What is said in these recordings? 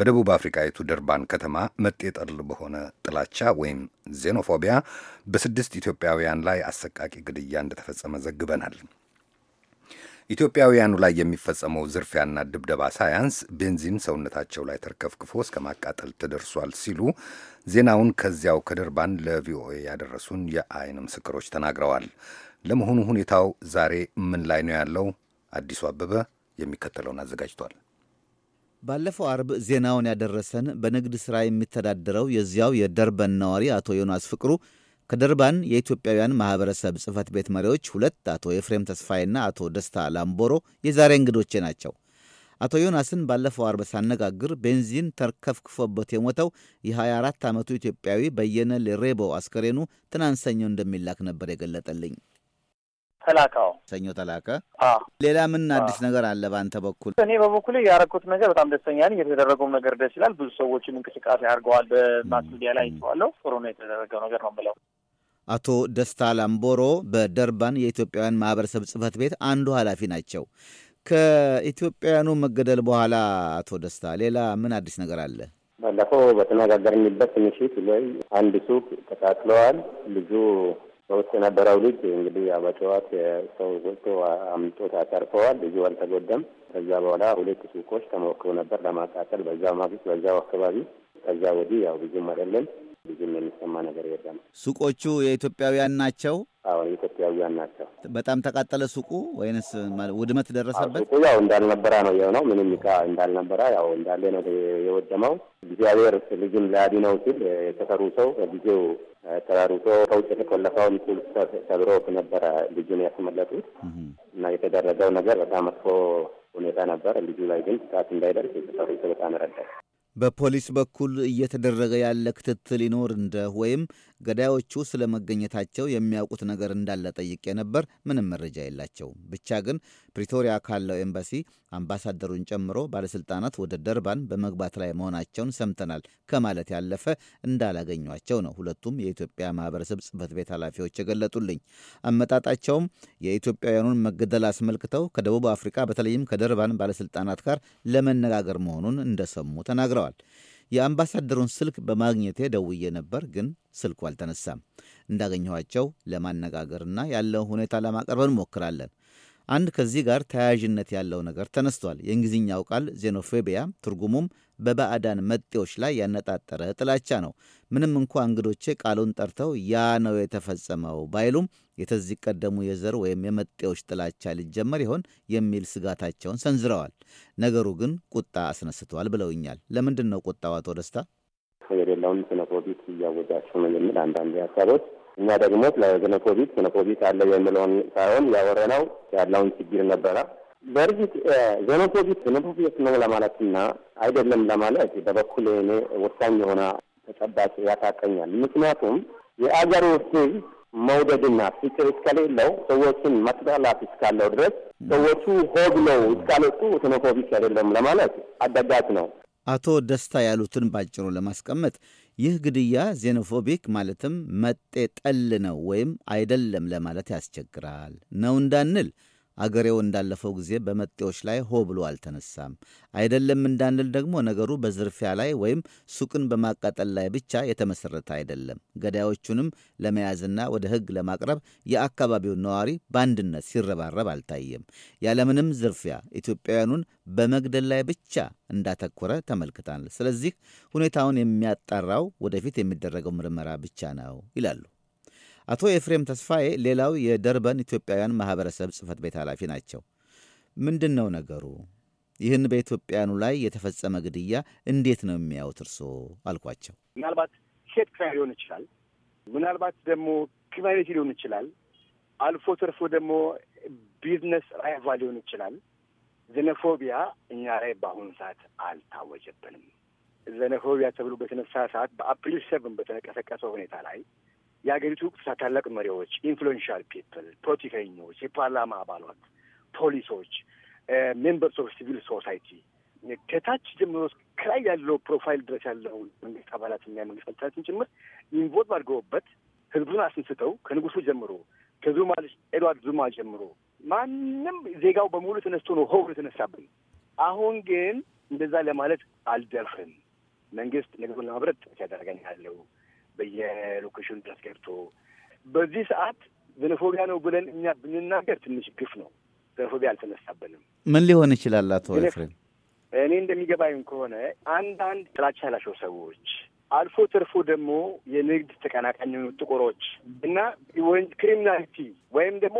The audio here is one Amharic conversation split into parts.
በደቡብ አፍሪካዊቱ ደርባን ከተማ መጤጠል በሆነ ጥላቻ ወይም ዜኖፎቢያ በስድስት ኢትዮጵያውያን ላይ አሰቃቂ ግድያ እንደተፈጸመ ዘግበናል። ኢትዮጵያውያኑ ላይ የሚፈጸመው ዝርፊያና ድብደባ ሳያንስ ቤንዚን ሰውነታቸው ላይ ተርከፍክፎ እስከ ማቃጠል ተደርሷል ሲሉ ዜናውን ከዚያው ከደርባን ለቪኦኤ ያደረሱን የአይን ምስክሮች ተናግረዋል። ለመሆኑ ሁኔታው ዛሬ ምን ላይ ነው ያለው? አዲሱ አበበ የሚከተለውን አዘጋጅቷል። ባለፈው አርብ ዜናውን ያደረሰን በንግድ ሥራ የሚተዳደረው የዚያው የደርበን ነዋሪ አቶ ዮናስ ፍቅሩ ከደርባን የኢትዮጵያውያን ማኅበረሰብ ጽህፈት ቤት መሪዎች ሁለት አቶ ኤፍሬም ተስፋዬና አቶ ደስታ ላምቦሮ የዛሬ እንግዶቼ ናቸው። አቶ ዮናስን ባለፈው አርብ ሳነጋግር ቤንዚን ተርከፍክፎበት የሞተው የ24 ዓመቱ ኢትዮጵያዊ በየነ ሌሬቦ አስከሬኑ ትናንት ሰኞ እንደሚላክ ነበር የገለጠልኝ። ተላካው ሰኞ ተላከ። ሌላ ምን አዲስ ነገር አለ በአንተ በኩል? እኔ በበኩል ያረኩት ነገር በጣም ደስተኛ ነኝ። የተደረገውም ነገር ደስ ይላል። ብዙ ሰዎችም እንቅስቃሴ አድርገዋል። በማስ ሚዲያ ላይ ይተዋለው ጥሩ ነው የተደረገው ነገር ነው ብለው አቶ ደስታ ላምቦሮ በደርባን የኢትዮጵያውያን ማህበረሰብ ጽህፈት ቤት አንዱ ኃላፊ ናቸው። ከኢትዮጵያውያኑ መገደል በኋላ አቶ ደስታ ሌላ ምን አዲስ ነገር አለ? ባለፈው በተነጋገርንበት ምሽት ላይ አንድ ሱቅ ተቃጥለዋል። ብዙ በውስጥ የነበረው ልጅ እንግዲህ ያው በጨዋት ሰው ወጥቶ አምጦት ልጁ አልተጎደም። ከዛ በኋላ ሁለት ሱቆች ተሞክሮ ነበር ለማቃጠል በዛው ማግስት በዛው አካባቢ። ከዛ ወዲህ ያው ብዙም አይደለም ብዙም የሚሰማ ነገር የለም። ሱቆቹ የኢትዮጵያውያን ናቸው። አዎ የኢትዮጵያውያን ናቸው። በጣም ተቃጠለ ሱቁ ወይንስ ውድመት ደረሰበት? ሱቁ ያው እንዳልነበረ ነው የሆነው። ምንም ዕቃ እንዳልነበረ ያው እንዳለ ነው የወደመው። እግዚአብሔር ልጅም ለአዲ ነው ሲል የተሰሩ ሰው ጊዜው ተራሪቶ ከውጭ የተቆለፈውን ቁልፍ ሰብሮ ነበረ ልጁን ያስመለጡት እና የተደረገው ነገር በጣም መጥፎ ሁኔታ ነበር። ልጁ ላይ ግን ጥቃት እንዳይደርስ የተሰሩት በጣም ረዳል። በፖሊስ በኩል እየተደረገ ያለ ክትትል ይኖር እንደ ወይም ገዳዮቹ ስለ መገኘታቸው የሚያውቁት ነገር እንዳለ ጠይቄ ነበር። ምንም መረጃ የላቸውም። ብቻ ግን ፕሪቶሪያ ካለው ኤምባሲ አምባሳደሩን ጨምሮ ባለሥልጣናት ወደ ደርባን በመግባት ላይ መሆናቸውን ሰምተናል ከማለት ያለፈ እንዳላገኟቸው ነው ሁለቱም የኢትዮጵያ ማህበረሰብ ጽህፈት ቤት ኃላፊዎች የገለጡልኝ። አመጣጣቸውም የኢትዮጵያውያኑን መገደል አስመልክተው ከደቡብ አፍሪካ በተለይም ከደርባን ባለሥልጣናት ጋር ለመነጋገር መሆኑን እንደሰሙ ተናግረዋል። የአምባሳደሩን ስልክ በማግኘቴ ደውዬ ነበር፣ ግን ስልኩ አልተነሳም። እንዳገኘኋቸው ለማነጋገርና ያለውን ሁኔታ ለማቀርበን ሞክራለን። አንድ ከዚህ ጋር ተያያዥነት ያለው ነገር ተነስቷል። የእንግሊዝኛው ቃል ዜኖፎቢያ ትርጉሙም በባዕዳን መጤዎች ላይ ያነጣጠረ ጥላቻ ነው። ምንም እንኳ እንግዶቼ ቃሉን ጠርተው ያ ነው የተፈጸመው ባይሉም የተዚህ ቀደሙ የዘር ወይም የመጤዎች ጥላቻ ሊጀመር ይሆን የሚል ስጋታቸውን ሰንዝረዋል። ነገሩ ግን ቁጣ አስነስቷል ብለውኛል። ለምንድን ነው ቁጣው? አቶ ደስታ የሌለውን ኪነኮቪድ እያወጃቸው ነው የሚል አንዳንድ ሀሳቦች እኛ ደግሞ ለግነኮቪድ ግነኮቪድ አለ የሚለውን ሳይሆን ያወረነው ያለውን ችግር ነበረ። በእርግጥ ዘኖኮቪድ ግነኮቪድ ነው ለማለትና አይደለም ለማለት በበኩል እኔ ወሳኝ የሆነ ተጨባጭ ያታቀኛል። ምክንያቱም የአገሩ ሕዝብ መውደድና ፍቅር እስከሌለው ሰዎችን መጥላላት እስካለው ድረስ ሰዎቹ ሆግ ነው እስካለጡ ግነኮቪድ አይደለም ለማለት አዳጋች ነው። አቶ ደስታ ያሉትን ባጭሩ ለማስቀመጥ ይህ ግድያ ዜኖፎቢክ ማለትም መጤ ጠል ነው ወይም አይደለም ለማለት ያስቸግራል ነው እንዳንል አገሬው እንዳለፈው ጊዜ በመጤዎች ላይ ሆ ብሎ አልተነሳም። አይደለም እንዳንል ደግሞ ነገሩ በዝርፊያ ላይ ወይም ሱቅን በማቃጠል ላይ ብቻ የተመሠረተ አይደለም። ገዳዮቹንም ለመያዝና ወደ ሕግ ለማቅረብ የአካባቢውን ነዋሪ በአንድነት ሲረባረብ አልታየም። ያለምንም ዝርፊያ ኢትዮጵያውያኑን በመግደል ላይ ብቻ እንዳተኮረ ተመልክታል። ስለዚህ ሁኔታውን የሚያጣራው ወደፊት የሚደረገው ምርመራ ብቻ ነው ይላሉ። አቶ ኤፍሬም ተስፋዬ ሌላው የደርበን ኢትዮጵያውያን ማኅበረሰብ ጽህፈት ቤት ኃላፊ ናቸው። ምንድን ነው ነገሩ? ይህን በኢትዮጵያኑ ላይ የተፈጸመ ግድያ እንዴት ነው የሚያዩት እርስዎ? አልኳቸው። ምናልባት ሄት ክራይም ሊሆን ይችላል፣ ምናልባት ደግሞ ክሪሚናሊቲ ሊሆን ይችላል፣ አልፎ ተርፎ ደግሞ ቢዝነስ ራይቫ ሊሆን ይችላል። ዘነፎቢያ እኛ ላይ በአሁኑ ሰዓት አልታወጀብንም። ዘነፎቢያ ተብሎ በተነሳ ሰዓት በአፕሪል ሰብን በተቀሰቀሰው ሁኔታ ላይ የሀገሪቱ ታላላቅ መሪዎች፣ ኢንፍሉዌንሻል ፒፕል፣ ፖለቲከኞች፣ የፓርላማ አባላት፣ ፖሊሶች፣ ሜምበርስ ኦፍ ሲቪል ሶሳይቲ ከታች ጀምሮ ከላይ ያለው ፕሮፋይል ድረስ ያለው መንግስት አባላትና የመንግስት ባለስልጣናትን ጭምር ኢንቮልቭ አድርገውበት ህዝቡን አስንስተው ከንጉሱ ጀምሮ ከዙማ ልጅ ኤድዋርድ ዙማ ጀምሮ ማንም ዜጋው በሙሉ ተነስቶ ነው ሆብሎ የተነሳብን። አሁን ግን እንደዛ ለማለት አልደፍርም። መንግስት ነገሩን ለማብረድ ጥረት ያለው በየሎኬሽኑ ድረስ ገብቶ በዚህ ሰዓት ዘነፎቢያ ነው ብለን እኛ ብንናገር ትንሽ ግፍ ነው። ዘነፎቢያ አልተነሳበንም። ምን ሊሆን ይችላል? አቶ ኤፍሬም፣ እኔ እንደሚገባኝ ከሆነ አንዳንድ ጥላቻ ያላቸው ሰዎች አልፎ ተርፎ ደግሞ የንግድ ተቀናቃኝ ጥቁሮች እና ክሪሚናሊቲ ወይም ደግሞ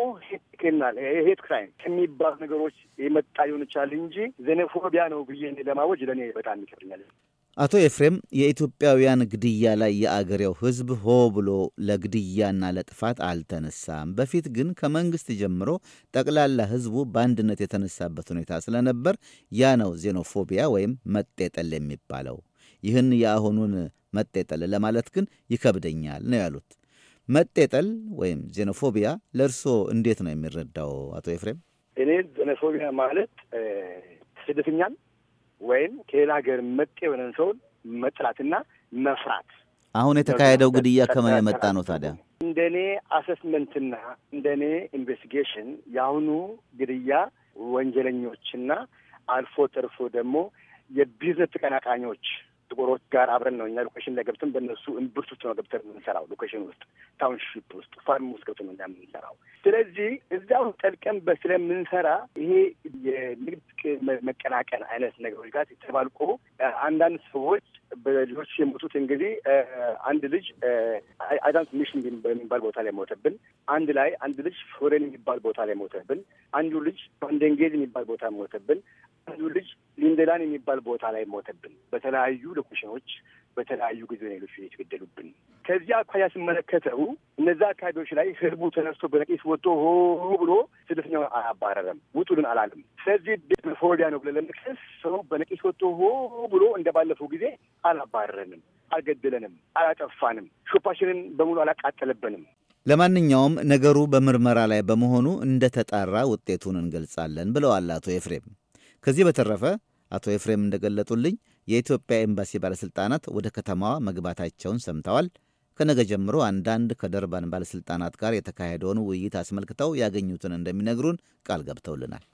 ክሪሚናል ሄት ክራይም ከሚባሉ ነገሮች የመጣ ሊሆን ይችላል እንጂ ዘነፎቢያ ነው ብዬ ለማወጅ ለእኔ በጣም ይከብኛል። አቶ ኤፍሬም የኢትዮጵያውያን ግድያ ላይ የአገሬው ሕዝብ ሆ ብሎ ለግድያና ለጥፋት አልተነሳም። በፊት ግን ከመንግሥት ጀምሮ ጠቅላላ ሕዝቡ በአንድነት የተነሳበት ሁኔታ ስለነበር ያ ነው ዜኖፎቢያ ወይም መጤጠል የሚባለው። ይህን የአሁኑን መጤጠል ለማለት ግን ይከብደኛል ነው ያሉት። መጤጠል ወይም ዜኖፎቢያ ለእርስዎ እንዴት ነው የሚረዳው አቶ ኤፍሬም? እኔ ዜኖፎቢያ ማለት ስደተኛን ወይም ከሌላ ሀገር መጤ የሆነን ሰውን መጥላትና መፍራት። አሁን የተካሄደው ግድያ ከምን የመጣ ነው ታዲያ? እንደ እኔ አሰስመንትና እንደ እኔ ኢንቨስቲጌሽን የአሁኑ ግድያ ወንጀለኞችና አልፎ ተርፎ ደግሞ የቢዝነስ ተቀናቃኞች ጥቁሮች ጋር አብረን ነው እኛ ሎኬሽን ላይ ገብተን በእነሱ እምብርት ውስጥ ነው ገብተን የምንሰራው። ሎኬሽን ውስጥ፣ ታውንሺፕ ውስጥ፣ ፋርም ውስጥ ገብተን ነው የምንሰራው። ስለዚህ እዚያ ውስጥ ጠልቀን ስለምንሰራ ይሄ የንግድ መቀናቀን አይነት ነገሮች ጋር ተባልቆ አንዳንድ ሰዎች በልጆች የሞቱት እንግዲህ አንድ ልጅ አዳምት ሚሽን የሚባል ቦታ ላይ ሞተብን። አንድ ላይ አንድ ልጅ ፎሬን የሚባል ቦታ ላይ ሞተብን። አንዱ ልጅ ባንደንጌዝ የሚባል ቦታ ሞተብን። አንዱ ልጅ ሊንደላን የሚባል ቦታ ላይ ሞተብን። በተለያዩ ሎኬሽኖች በተለያዩ ጊዜ ሌሎች የተገደሉብን። ከዚያ አኳያ ስመለከተው እነዛ አካባቢዎች ላይ ህዝቡ ተነስቶ በነቂስ ወጥቶ ሆ ብሎ ስደተኛው አላባረረም፣ ውጡልን አላለም። ስለዚህ ፎርዲያ ነው ብለን ለመክሰስ ሰው በነቂስ ወጥቶ ሆ ብሎ ባለፈው ጊዜ አላባረረንም፣ አልገደለንም፣ አላጠፋንም፣ ሾፓችንን በሙሉ አላቃጠለብንም። ለማንኛውም ነገሩ በምርመራ ላይ በመሆኑ እንደተጣራ ውጤቱን እንገልጻለን ብለዋል አቶ ኤፍሬም። ከዚህ በተረፈ አቶ ኤፍሬም እንደገለጡልኝ የኢትዮጵያ ኤምባሲ ባለሥልጣናት ወደ ከተማዋ መግባታቸውን ሰምተዋል። ከነገ ጀምሮ አንዳንድ ከደርባን ባለሥልጣናት ጋር የተካሄደውን ውይይት አስመልክተው ያገኙትን እንደሚነግሩን ቃል ገብተውልናል።